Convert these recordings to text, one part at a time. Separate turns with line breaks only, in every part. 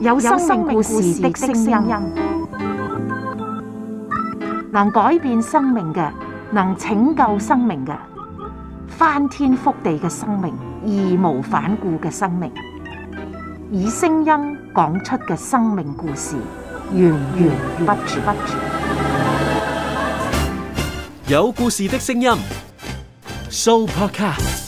有生命故事的聲音，能改變生命嘅，能拯救生命嘅，翻天覆地嘅生命，義無反顧嘅生命，以聲音講出嘅生命故事，源源不絕。有故事的聲音，Soupercast。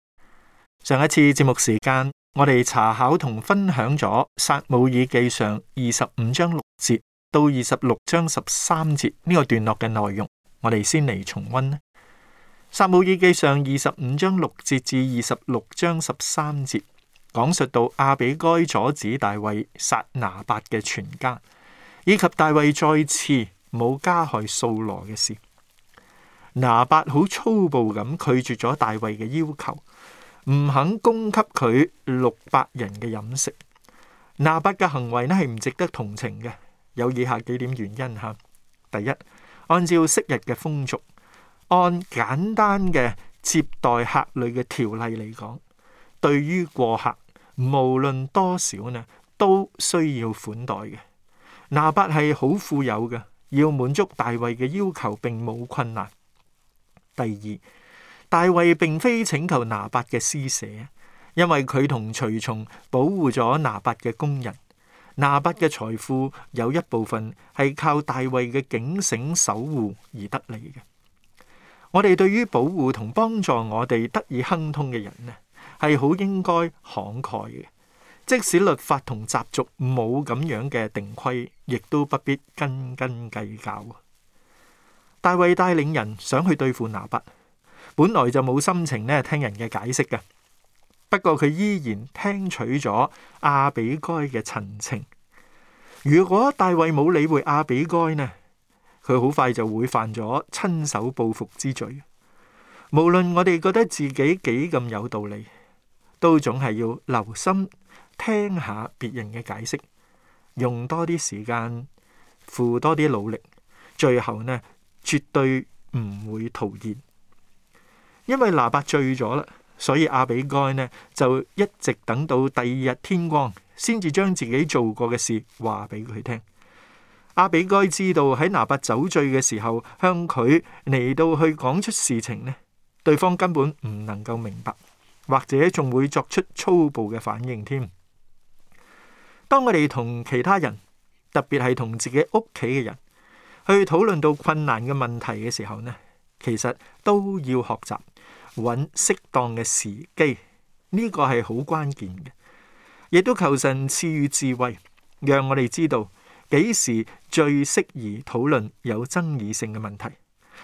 上一次節目時間，我哋查考同分享咗《撒母耳記上》二十五章六節到二十六章十三節呢、這個段落嘅內容。我哋先嚟重溫《撒母耳記上》二十五章六節至二十六章十三節，講述到亞比該阻止大衛殺拿八嘅全家，以及大衛再次冇加害掃羅嘅事。拿八好粗暴咁拒絕咗大衛嘅要求。唔肯供給佢六百人嘅飲食，拿伯嘅行為咧係唔值得同情嘅。有以下幾點原因吓：第一，按照昔日嘅風俗，按簡單嘅接待客旅嘅條例嚟講，對於過客無論多少呢，都需要款待嘅。拿伯係好富有嘅，要滿足大衛嘅要求並冇困難。第二。大衛並非請求拿八嘅施捨，因為佢同隨從保護咗拿八嘅工人。拿八嘅財富有一部分係靠大衛嘅警醒守護而得嚟嘅。我哋對於保護同幫助我哋得以亨通嘅人呢，係好應該慷慨嘅。即使律法同習俗冇咁樣嘅定規，亦都不必斤斤計較。大衛帶領人想去對付拿八。本來就冇心情咧，聽人嘅解釋㗎。不過佢依然聽取咗阿比該嘅陳情。如果大衛冇理會阿比該呢，佢好快就會犯咗親手報復之罪。無論我哋覺得自己幾咁有道理，都總係要留心聽下別人嘅解釋，用多啲時間，付多啲努力，最後呢，絕對唔會徒然。因為拿伯醉咗啦，所以阿比該呢就一直等到第二日天光，先至將自己做過嘅事話俾佢聽。阿比該知道喺拿伯酒醉嘅時候，向佢嚟到去講出事情呢，對方根本唔能夠明白，或者仲會作出粗暴嘅反應添。當我哋同其他人，特別係同自己屋企嘅人，去討論到困難嘅問題嘅時候呢，其實都要學習。揾適當嘅時機，呢個係好關鍵嘅。亦都求神賜予智慧，讓我哋知道幾時最適宜討論有爭議性嘅問題，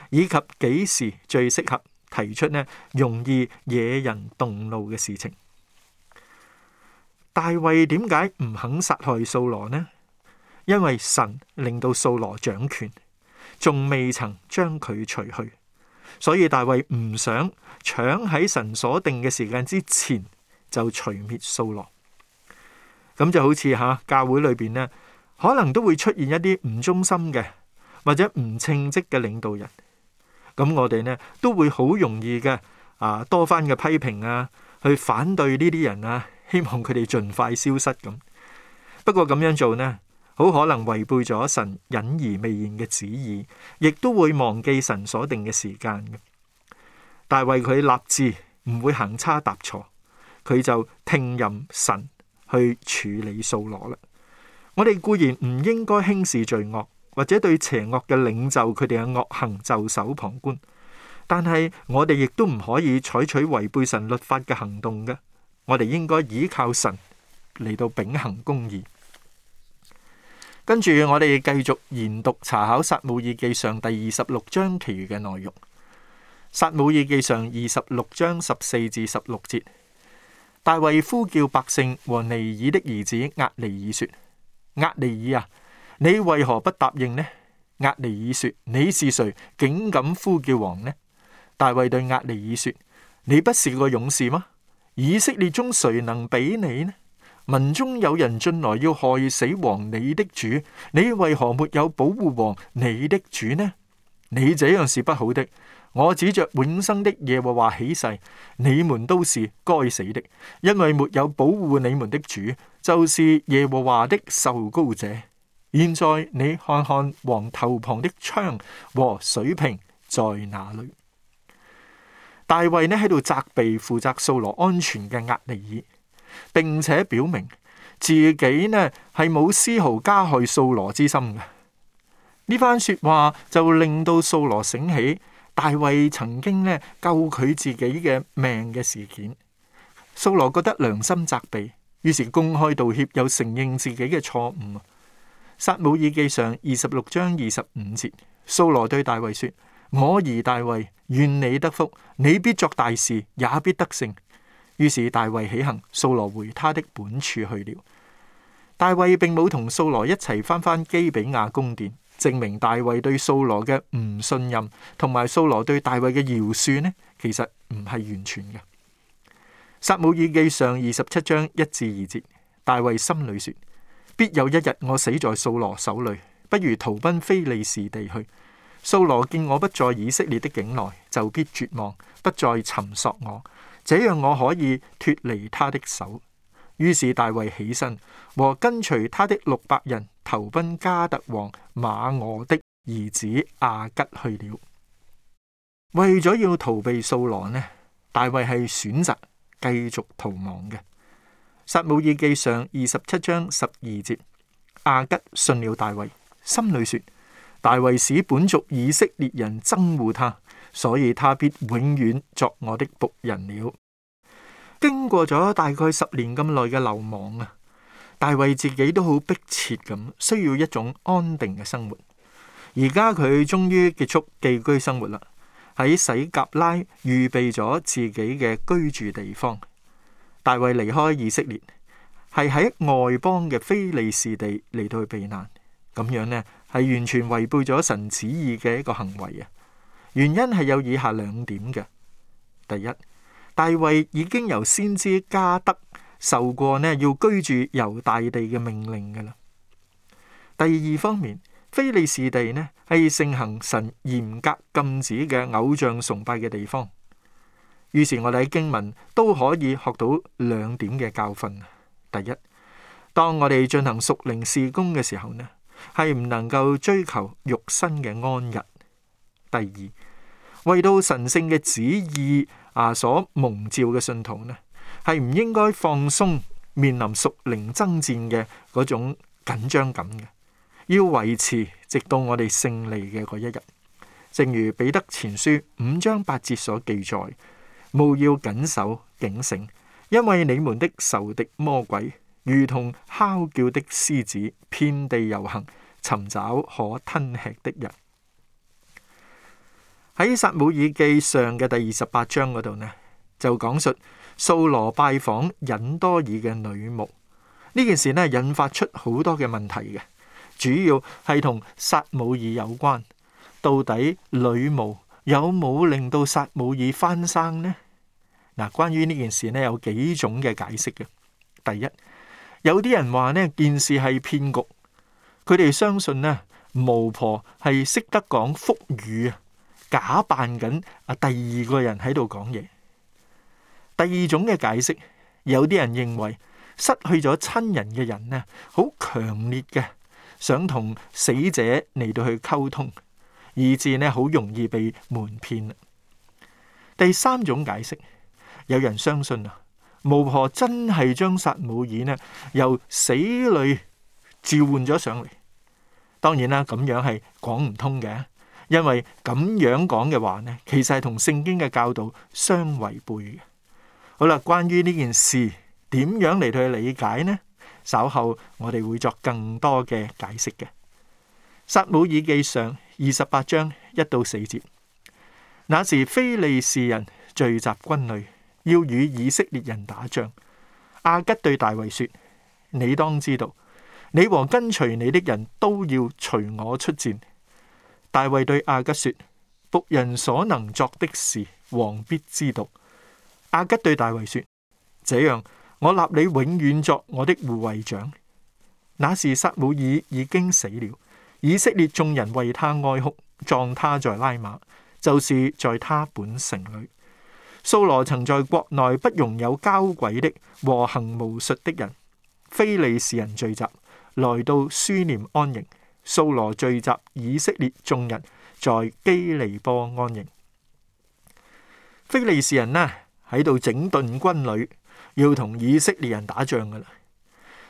以及幾時最適合提出呢容易惹人動怒嘅事情。大衛點解唔肯殺害掃羅呢？因為神令到掃羅掌權，仲未曾將佢除去。所以大衛唔想搶喺神所定嘅時間之前就除滅掃羅，咁就好似吓教會裏邊咧，可能都會出現一啲唔忠心嘅或者唔稱職嘅領導人，咁我哋咧都會好容易嘅啊多番嘅批評啊，去反對呢啲人啊，希望佢哋盡快消失咁。不過咁樣做咧。好可能違背咗神隱而未然嘅旨意，亦都會忘記神所定嘅時間嘅。大衛佢立志，唔會行差踏錯，佢就聽任神去處理掃羅啦。我哋固然唔應該輕視罪惡，或者對邪惡嘅領袖佢哋嘅惡行袖手旁觀，但係我哋亦都唔可以採取違背神律法嘅行動嘅。我哋應該依靠神嚟到秉行公義。跟住我哋繼續研讀查考撒母耳記上第二十六章其餘嘅內容。撒母耳記上二十六章十四至十六節，大衛呼叫百姓和尼珥的兒子押尼珥說：押尼珥啊，你為何不答應呢？押尼珥說：你是誰，竟敢呼叫王呢？大衛對押尼珥說：你不是個勇士嗎？以色列中誰能比你呢？民中有人進來要害死王你的主，你為何沒有保護王你的主呢？你這樣是不好的。我指着永生的耶和華起誓，你們都是該死的，因為沒有保護你們的主，就是耶和華的受膏者。現在你看看王頭旁的槍和水瓶在哪裏？大衛呢喺度責備負責掃羅安全嘅押尼爾。並且表明自己呢係冇絲毫加害掃羅之心嘅。呢番說話就令到掃羅醒起大衛曾經呢救佢自己嘅命嘅事件。掃羅覺得良心責備，於是公開道歉，又承認自己嘅錯誤。撒母耳記上二十六章二十五節，掃羅對大衛說：我兒大衛，願你得福，你必作大事，也必得勝。於是大衛起行，掃羅回他的本處去了。大衛並冇同掃羅一齊翻返基比亞宮殿，證明大衛對掃羅嘅唔信任，同埋掃羅對大衛嘅饒恕呢，其實唔係完全嘅。撒母耳記上二十七章一至二節，大衛心裏說：必有一日我死在掃羅手裏，不如逃奔非利士地去。掃羅見我不在以色列的境內，就必絕望，不再尋索我。這樣我可以脫離他的手。於是大衛起身，和跟隨他的六百人投奔加特王馬俄的兒子亞吉去了。為咗要逃避掃羅呢，大衛係選擇繼續逃亡嘅。撒母耳記上二十七章十二節，亞吉信了大衛，心裏說：大衛使本族以色列人憎惡他。所以他必永遠作我的僕人了。經過咗大概十年咁耐嘅流亡啊，大衛自己都好迫切咁需要一種安定嘅生活。而家佢終於結束寄居生活啦，喺洗革拉預備咗自己嘅居住地方。大衛離開以色列，係喺外邦嘅非利士地嚟到去避難，咁樣呢，係完全違背咗神旨意嘅一個行為啊！原因係有以下兩點嘅：第一，大衛已經由先知加德受過呢要居住猶大地嘅命令嘅啦。第二方面，非利士地呢係盛行神嚴格禁止嘅偶像崇拜嘅地方。於是我哋喺經文都可以學到兩點嘅教訓：第一，當我哋進行屬靈事工嘅時候呢，係唔能夠追求肉身嘅安逸；第二。為到神聖嘅旨意啊，所蒙召嘅信徒呢，係唔應該放鬆，面臨屬靈爭戰嘅嗰種緊張感嘅，要維持直到我哋勝利嘅嗰一日。正如彼得前書五章八節所記載，務要謹守警醒，因為你們的仇敵魔鬼，如同吼叫的獅子，遍地遊行，尋找可吞吃的人。喺撒母耳記上嘅第二十八章嗰度呢，就講述掃羅拜訪隱多珥嘅女巫呢件事呢，引發出好多嘅問題嘅。主要係同撒母耳有關，到底女巫有冇令到撒母耳翻生呢？嗱，關於呢件事呢，有幾種嘅解釋嘅。第一，有啲人話呢件事係騙局，佢哋相信呢，巫婆係識得講福語假扮緊啊第二個人喺度講嘢，第二種嘅解釋，有啲人認為失去咗親人嘅人呢，好強烈嘅想同死者嚟到去溝通，以致呢好容易被瞞騙。第三種解釋，有人相信啊巫婆真係將撒母耳呢由死裏召喚咗上嚟，當然啦咁樣係講唔通嘅。因為咁樣講嘅話呢，其實係同聖經嘅教導相違背嘅。好啦，關於呢件事點樣嚟去理解呢？稍後我哋會作更多嘅解釋嘅。撒母耳記上二十八章一到四節，那時非利士人聚集軍旅，要與以色列人打仗。亞吉對大衛說：你當知道，你和跟隨你的人都要隨我出戰。大衛對亞吉說：僕人所能作的事，王必知道。亞吉對大衛說：這樣，我立你永遠作我的護衛長。那時，撒母耳已經死了，以色列眾人為他哀哭，葬他在拉馬，就是在他本城裏。掃羅曾在國內不容有交鬼的、和行巫術的人，非利士人聚集來到書念安營。掃羅聚集以色列眾人，在基利波安營。非利士人呢喺度整頓軍旅，要同以色列人打仗噶啦。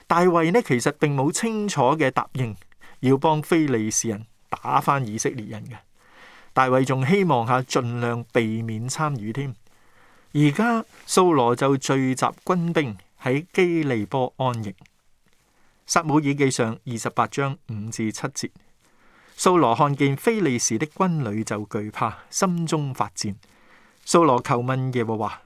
大衛呢其實並冇清楚嘅答應要幫非利士人打返以色列人嘅。大衛仲希望下盡量避免參與添。而家掃羅就聚集軍兵喺基利波安營。撒母耳記上二十八章五至七節，掃羅看見非利士的軍旅就懼怕，心中發戰。掃羅求問耶和華，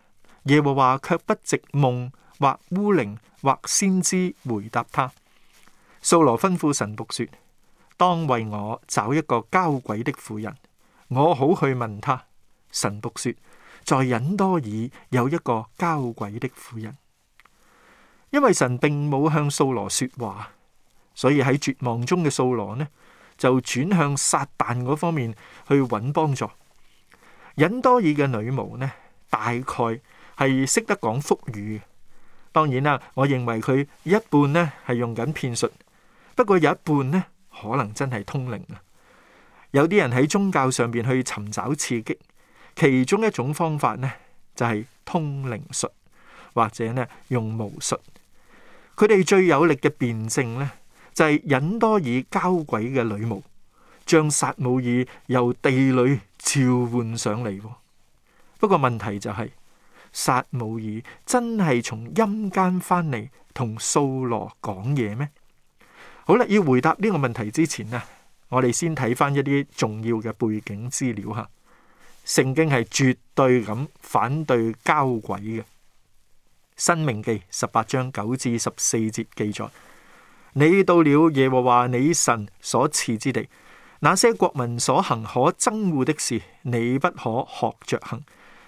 耶和華卻不藉夢或烏靈或先知回答他。掃羅吩咐神僕說：當為我找一個交鬼的婦人，我好去問他。神僕說：在隱多珥有一個交鬼的婦人。因為神並冇向掃羅說話，所以喺絕望中嘅掃羅呢，就轉向撒旦嗰方面去揾幫助。隱多爾嘅女巫呢，大概係識得講腹語。當然啦，我認為佢一半呢係用緊騙術，不過有一半呢可能真係通靈啊。有啲人喺宗教上邊去尋找刺激，其中一種方法呢就係、是、通靈術，或者呢用巫術。佢哋最有力嘅辯證咧，就係、是、隱多珥交鬼嘅女巫，將撒母耳由地裏召喚上嚟。不過問題就係、是，撒母耳真係從陰間翻嚟同掃羅講嘢咩？好啦，要回答呢個問題之前啊，我哋先睇翻一啲重要嘅背景資料吓。聖經係絕對咁反對交鬼嘅。《申命記》十八章九至十四節記載：你到了耶和華你神所賜之地，那些國民所行可憎惡的事，你不可學着行。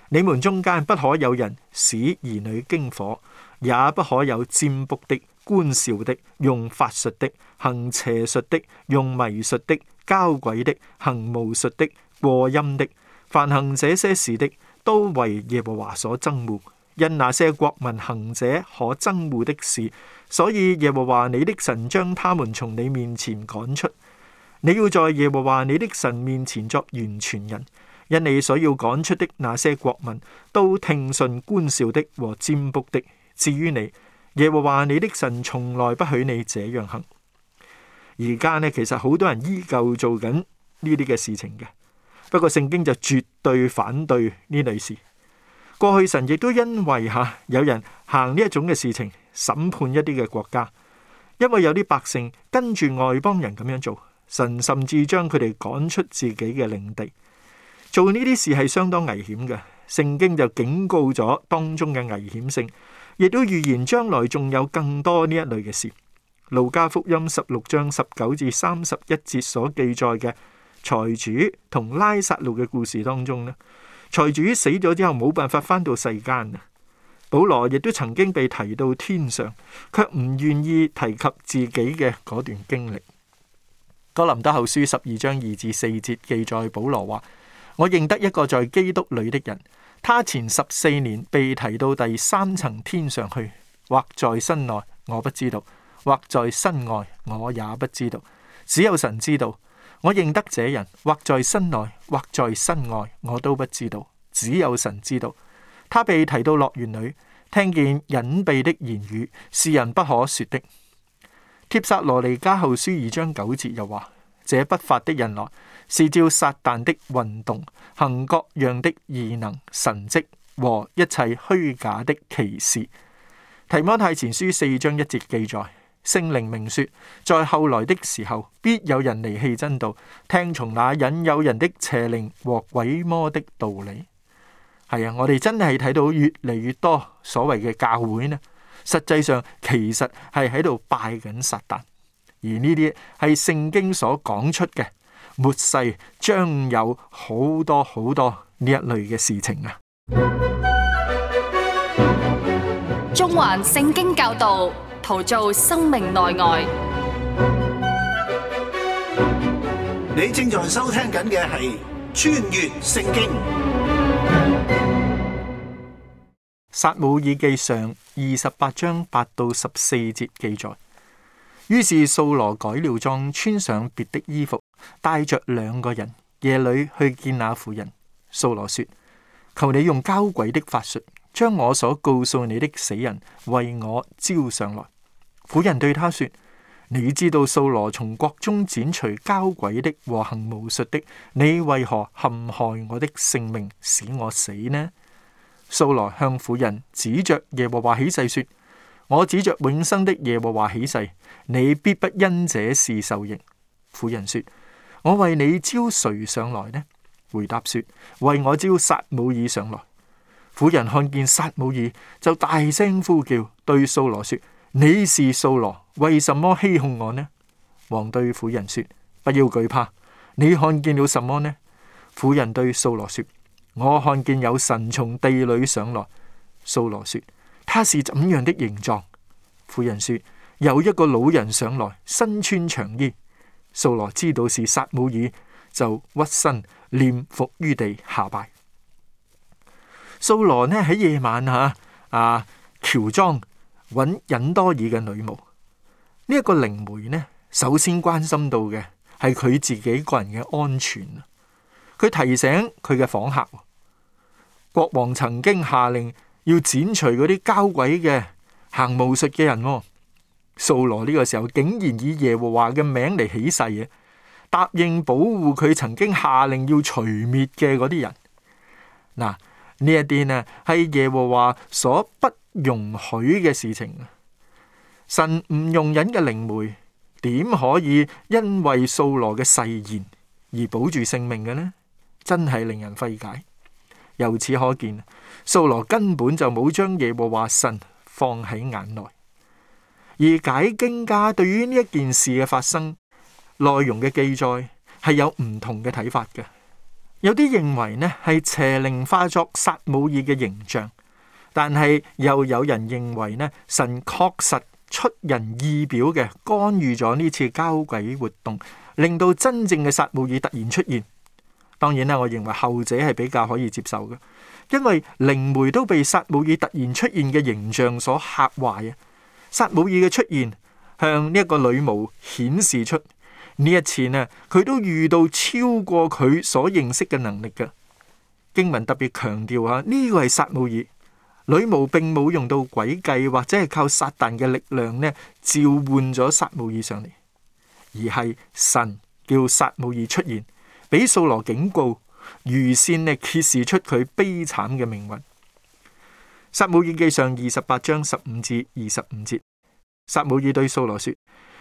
你們中間不可有人使兒女經火，也不可有占卜的、觀兆的、用法術的、行邪術的、用迷術的、交鬼的、行巫術的、過陰的。凡行這些事的，都為耶和華所憎惡。因那些國民行者可憎惡的事，所以耶和華你的神將他們從你面前趕出。你要在耶和華你的神面前作完全人，因你所要趕出的那些國民都聽信觀兆的和占卜的。至於你，耶和華你的神從來不許你這樣行。而家呢，其實好多人依舊做緊呢啲嘅事情嘅，不過聖經就絕對反對呢類事。過去神亦都因為吓有人行呢一種嘅事情，審判一啲嘅國家，因為有啲百姓跟住外邦人咁樣做，神甚至將佢哋趕出自己嘅領地。做呢啲事係相當危險嘅，聖經就警告咗當中嘅危險性，亦都預言將來仲有更多呢一類嘅事。路加福音十六章十九至三十一節所記載嘅財主同拉撒路嘅故事當中咧。財主死咗之後冇辦法翻到世間啊！保羅亦都曾經被提到天上，卻唔願意提及自己嘅嗰段經歷。哥林多後書十二章二至四節記載保羅話：我認得一個在基督裏的人，他前十四年被提到第三層天上去，或在身內，我不知道；或在身外，我也不知道，只有神知道。我認得這人，或在身內，或在身外，我都不知道，只有神知道。他被提到樂園裏，聽見隱秘的言語，是人不可說的。帖撒羅尼加後書二章九節又話：這不法的人來，是照撒旦的運動，行各樣的異能、神蹟和一切虛假的奇事。提摩太前書四章一節記載。聖靈明說，在後來的時候，必有人離棄真道，聽從那引誘人的邪靈和鬼魔的道理。係啊，我哋真係睇到越嚟越多所謂嘅教會呢，實際上其實係喺度拜緊撒但，而呢啲係聖經所講出嘅，末世將有好多好多呢一類嘅事情啊！中環聖經教導。陶造生命內外。你正在收聽緊嘅係《穿越聖經》。撒母耳記上二十八章八到十四節記載：於是掃羅改了裝，穿上別的衣服，帶着兩個人，夜裏去見那婦人。掃羅說：求你用交鬼的法術。將我所告訴你的死人，為我招上來。婦人對他說：你知道掃羅從國中剪除交鬼的和行巫術的，你為何陷害我的性命，使我死呢？掃羅向婦人指着耶和華起誓說：我指着永生的耶和華起誓，你必不因這事受刑。婦人說：我為你招誰上來呢？回答說：為我招撒母耳上來。婦人看見撒母耳，就大聲呼叫，對掃羅說：你是掃羅，為什麼欺哄我呢？王對婦人說：不要懼怕，你看見了什麼呢？婦人對掃羅說：我看見有神從地裏上來。掃羅說：他是怎樣的形狀？婦人說：有一個老人上來，身穿長衣。掃羅知道是撒母耳，就屈身念伏於地下拜。掃羅呢喺夜晚吓啊，喬裝揾隱多珥嘅女巫呢。一、這個靈媒呢，首先關心到嘅係佢自己個人嘅安全，佢提醒佢嘅訪客，國王曾經下令要剪除嗰啲交鬼嘅、行巫術嘅人。哦，掃羅呢個時候竟然以耶和華嘅名嚟起誓嘅，答應保護佢曾經下令要除滅嘅嗰啲人嗱。呢一啲呢，係耶和華所不容許嘅事情。神唔容忍嘅靈媒，點可以因為掃羅嘅誓言而保住性命嘅呢？真係令人費解。由此可見，掃羅根本就冇將耶和華神放喺眼內。而解經家對於呢一件事嘅發生內容嘅記載，係有唔同嘅睇法嘅。有啲認為呢係邪靈化作撒母耳嘅形象，但係又有人認為呢，神確實出人意表嘅干預咗呢次交鬼活動，令到真正嘅撒母耳突然出現。當然啦，我認為後者係比較可以接受嘅，因為靈媒都被撒母耳突然出現嘅形象所嚇壞啊！撒母耳嘅出現向呢一個女巫顯示出。呢一次呢，佢都遇到超過佢所認識嘅能力嘅。經文特別強調吓，呢、啊呢個係撒母耳女巫，並冇用到詭計或者係靠撒旦嘅力量呢召喚咗撒母耳上嚟，而係神叫撒母耳出現，俾掃羅警告，預先呢揭示出佢悲慘嘅命運。撒母耳記上二十八章十五至二十五節，撒母耳對掃羅說：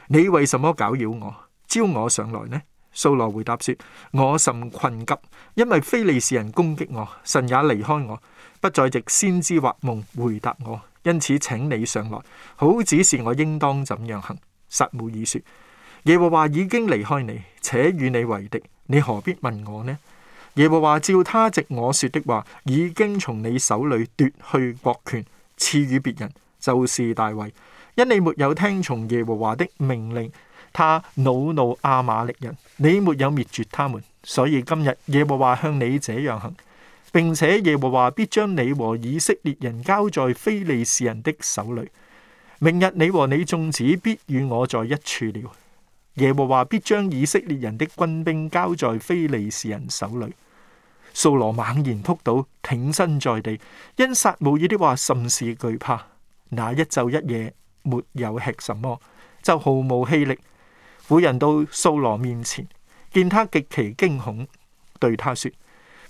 你為什麼攪擾我？招我上來呢？掃羅回答說：我甚窘急，因為非利士人攻擊我，神也離開我，不再藉先知或夢回答我。因此，請你上來，好指示我應當怎樣行。撒母耳說：耶和華已經離開你，且與你為敵，你何必問我呢？耶和華照他藉我說的話，已經從你手裏奪去國權，賜予別人，就是大衛，因你沒有聽從耶和華的命令。他惱怒亞瑪力人，你沒有滅絕他們，所以今日耶和華向你這樣行，並且耶和華必將你和以色列人交在非利士人的手裏。明日你和你眾子必與我在一處了。耶和華必將以色列人的軍兵交在非利士人手裏。掃羅猛然撲倒，挺身在地，因撒母耳的話甚是懼怕，那一晝一夜沒有吃什麼，就毫無氣力。婦人到掃羅面前，見他極其驚恐，對他說：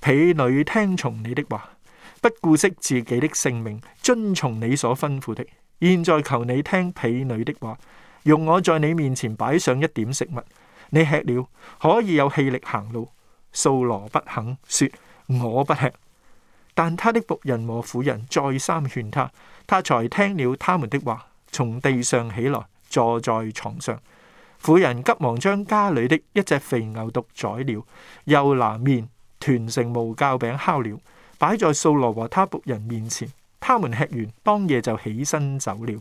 婢女聽從你的話，不顧惜自己的性命，遵從你所吩咐的。現在求你聽婢女的話，容我在你面前擺上一點食物，你吃了可以有氣力行路。掃羅不肯說，說我不吃。但他的僕人和婦人再三勸他，他才聽了他們的話，從地上起來，坐在床上。婦人急忙將家裏的一隻肥牛犢宰了，又拿麵團成無酵餅烤了，擺在掃羅和他僕人面前。他們吃完，當夜就起身走了。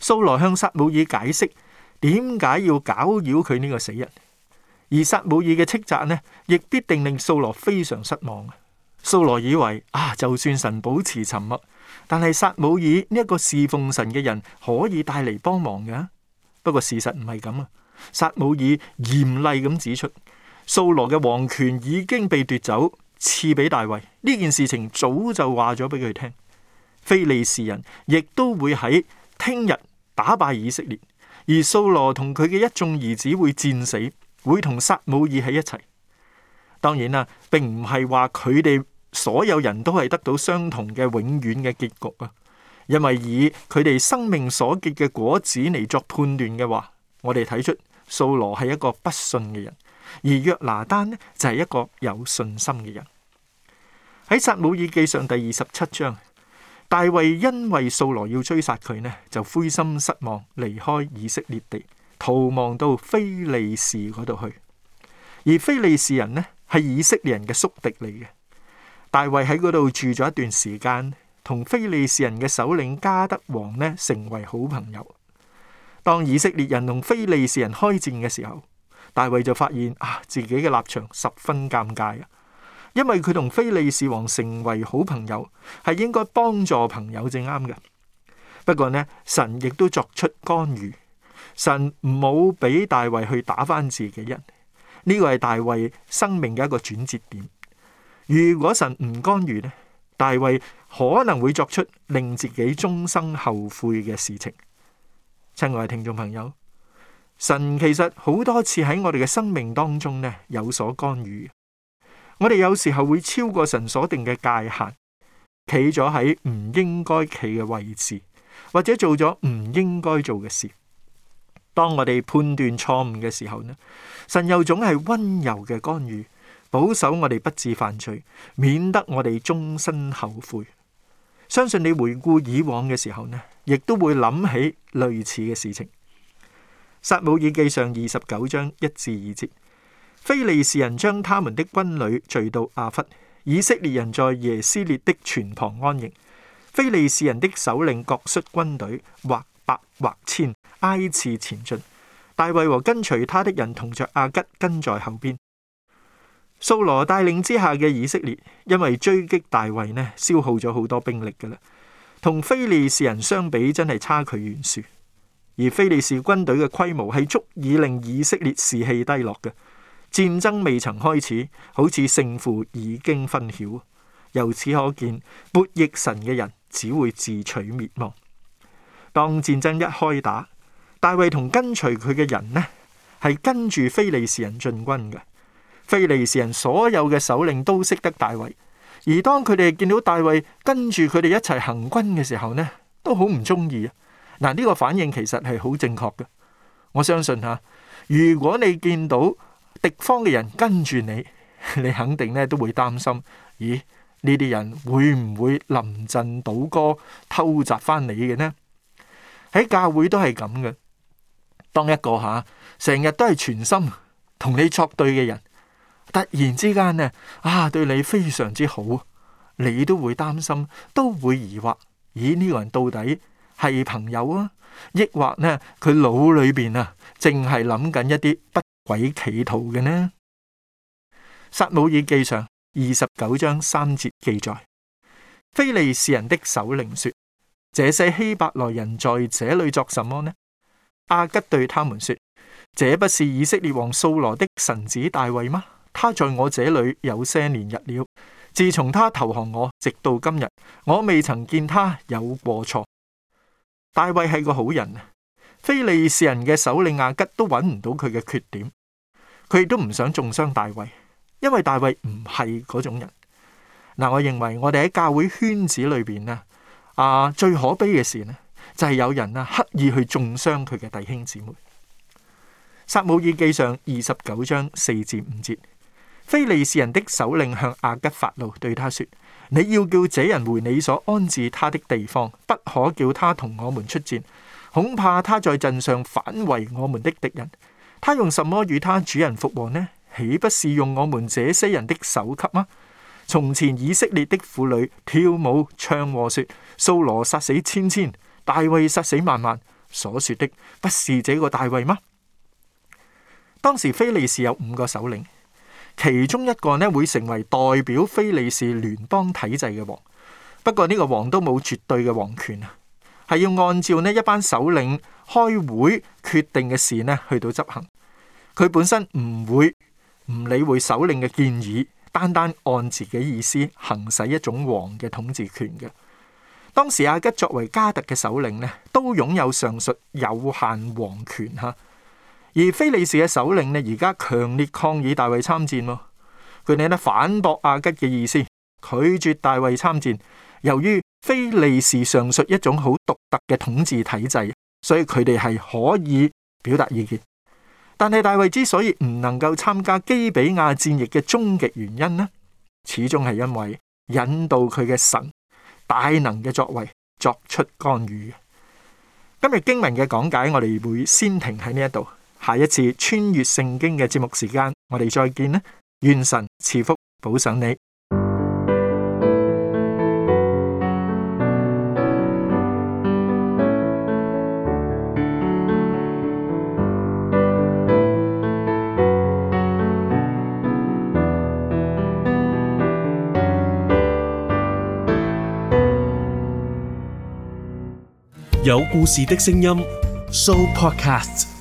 掃羅向撒母耳解釋點解要攪擾佢呢個死人，而撒母耳嘅斥責呢，亦必定令掃羅非常失望。掃羅以為啊，就算神保持沉默，但係撒母耳呢一個侍奉神嘅人可以帶嚟幫忙噶。不過事實唔係咁啊！撒母耳嚴厲咁指出，掃羅嘅王權已經被奪走，賜俾大衛。呢件事情早就話咗俾佢聽。非利士人亦都會喺聽日打敗以色列，而掃羅同佢嘅一眾兒子會戰死，會同撒母耳喺一齊。當然啦，並唔係話佢哋所有人都係得到相同嘅永遠嘅結局啊。因為以佢哋生命所結嘅果子嚟作判斷嘅話，我哋睇出掃羅係一個不信嘅人，而約拿單呢就係、是、一個有信心嘅人。喺撒母耳記上第二十七章，大衛因為掃羅要追殺佢呢，就灰心失望，離開以色列地，逃亡到非利士嗰度去。而非利士人呢係以色列人嘅宿敵嚟嘅，大衛喺嗰度住咗一段時間。同非利士人嘅首領加德王呢成為好朋友。當以色列人同非利士人開戰嘅時候，大衛就發現啊自己嘅立場十分尷尬，因為佢同非利士王成為好朋友係應該幫助朋友正啱嘅。不過呢，神亦都作出干預，神唔好俾大衛去打返自己人。呢、這個係大衛生命嘅一個轉折點。如果神唔干預呢？大衛可能會作出令自己終生後悔嘅事情。親愛嘅聽眾朋友，神其實好多次喺我哋嘅生命當中咧有所干預。我哋有時候會超過神所定嘅界限，企咗喺唔應該企嘅位置，或者做咗唔應該做嘅事。當我哋判斷錯誤嘅時候呢，神又總係溫柔嘅干預。保守我哋不致犯罪，免得我哋終身後悔。相信你回顧以往嘅時候呢，亦都會諗起類似嘅事情。撒母耳記上二十九章一至二節：非利士人將他們的軍旅聚到亞弗，以色列人在耶斯列的泉旁安營。非利士人的首領各率軍隊，或百或千，挨次前進。大衛和跟隨他的人同着亞吉跟在後邊。掃羅帶領之下嘅以色列，因為追擊大衛呢，消耗咗好多兵力㗎喇，同非利士人相比，真係差距懸殊。而非利士軍隊嘅規模係足以令以色列士氣低落嘅。戰爭未曾開始，好似勝負已經分曉。由此可見，悖逆神嘅人只會自取滅亡。當戰爭一開打，大衛同跟隨佢嘅人呢，係跟住非利士人進軍嘅。非利士人所有嘅首領都識得大衛，而當佢哋見到大衛跟住佢哋一齊行軍嘅時候呢，都好唔中意啊！嗱，呢個反應其實係好正確嘅。我相信吓，如果你見到敵方嘅人跟住你，你肯定呢都會擔心，咦，呢啲人會唔會臨陣倒戈偷襲翻你嘅呢？喺教會都係咁嘅，當一個吓成日都係全心同你作對嘅人。突然之間呢，啊，對你非常之好，你都會擔心，都會疑惑，咦？呢個人到底係朋友啊，抑或呢佢腦裏邊啊，淨係諗緊一啲不軌企圖嘅呢？撒母耳記上二十九章三節記載，非利士人的首領說：這些希伯來人在這裡作什麼呢？亞吉對他們說：這不是以色列王掃羅的神子大衛嗎？他在我這裏有些年日了。自從他投降我，直到今日，我未曾見他有過錯。大衛係個好人，非利士人嘅首領亞吉都揾唔到佢嘅缺點。佢亦都唔想重傷大衛，因為大衛唔係嗰種人。嗱，我認為我哋喺教會圈子裏邊咧，啊，最可悲嘅事呢，就係有人啊刻意去重傷佢嘅弟兄姊妹。撒母耳記上二十九章四至五節。非利士人的首領向亞吉發怒，對他說：你要叫這人回你所安置他的地方，不可叫他同我們出戰，恐怕他在陣上反為我們的敵人。他用什麼與他主人復和呢？豈不是用我們這些人的首級嗎？從前以色列的婦女跳舞唱和說：掃羅殺死千千，大衛殺死萬萬。所說的不是這個大衛嗎？當時非利士有五個首領。其中一個咧，會成為代表非利士聯邦體制嘅王，不過呢個王都冇絕對嘅王權啊，係要按照呢一班首領開會決定嘅事咧，去到執行。佢本身唔會唔理會首領嘅建議，單單按自己意思行使一種王嘅統治權嘅。當時阿吉作為加特嘅首領咧，都擁有上述有限王權吓。而非利士嘅首領呢，而家強烈抗議大衛參戰，佢哋呢反駁亞吉嘅意思，拒絕大衛參戰。由於非利士上述一種好獨特嘅統治體制，所以佢哋係可以表達意見。但係大衛之所以唔能夠參加基比亞戰役嘅終極原因呢，始終係因為引導佢嘅神大能嘅作為作出干預。今日經文嘅講解，我哋會先停喺呢一度。下一次穿越聖經嘅節目時間，我哋再見啦！願神賜福保賞你。有故事的聲音，Show Podcast。